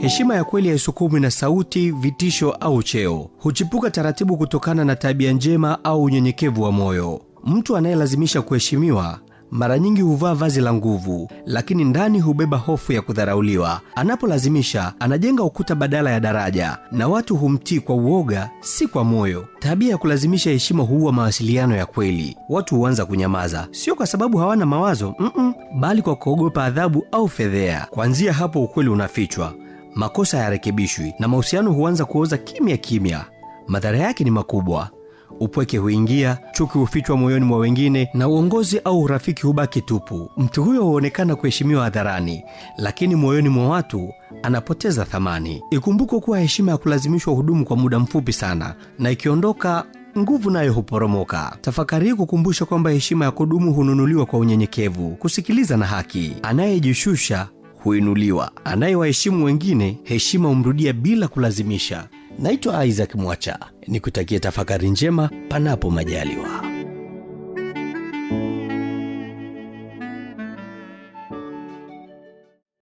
Heshima ya kweli haisukumwi na sauti, vitisho au cheo. Huchipuka taratibu kutokana na tabia njema au unyenyekevu wa moyo. Mtu anayelazimisha kuheshimiwa mara nyingi huvaa vazi la nguvu, lakini ndani hubeba hofu ya kudharauliwa. Anapolazimisha anajenga ukuta badala ya daraja, na watu humtii kwa uoga, si kwa moyo. Tabia ya kulazimisha heshima huua mawasiliano ya kweli. Watu huanza kunyamaza, sio kwa sababu hawana mawazo mm -mm, bali kwa kuogopa adhabu au fedhea. kwanzia hapo, ukweli unafichwa makosa hayarekebishwi na mahusiano huanza kuoza kimya kimya. Madhara yake ni makubwa. Upweke huingia, chuki hufichwa moyoni mwa wengine, na uongozi au urafiki hubaki tupu. Mtu huyo huonekana kuheshimiwa hadharani, lakini moyoni mwa watu anapoteza thamani. Ikumbukwe kuwa heshima ya kulazimishwa hudumu kwa muda mfupi sana, na ikiondoka nguvu nayo huporomoka. Tafakari hii kukumbusha kwamba heshima ya kudumu hununuliwa kwa unyenyekevu, kusikiliza na haki. Anayejishusha huinuliwa. Anayewaheshimu wengine, heshima humrudia bila kulazimisha. Naitwa Isaac Mwacha, nikutakie tafakari njema panapo majaliwa.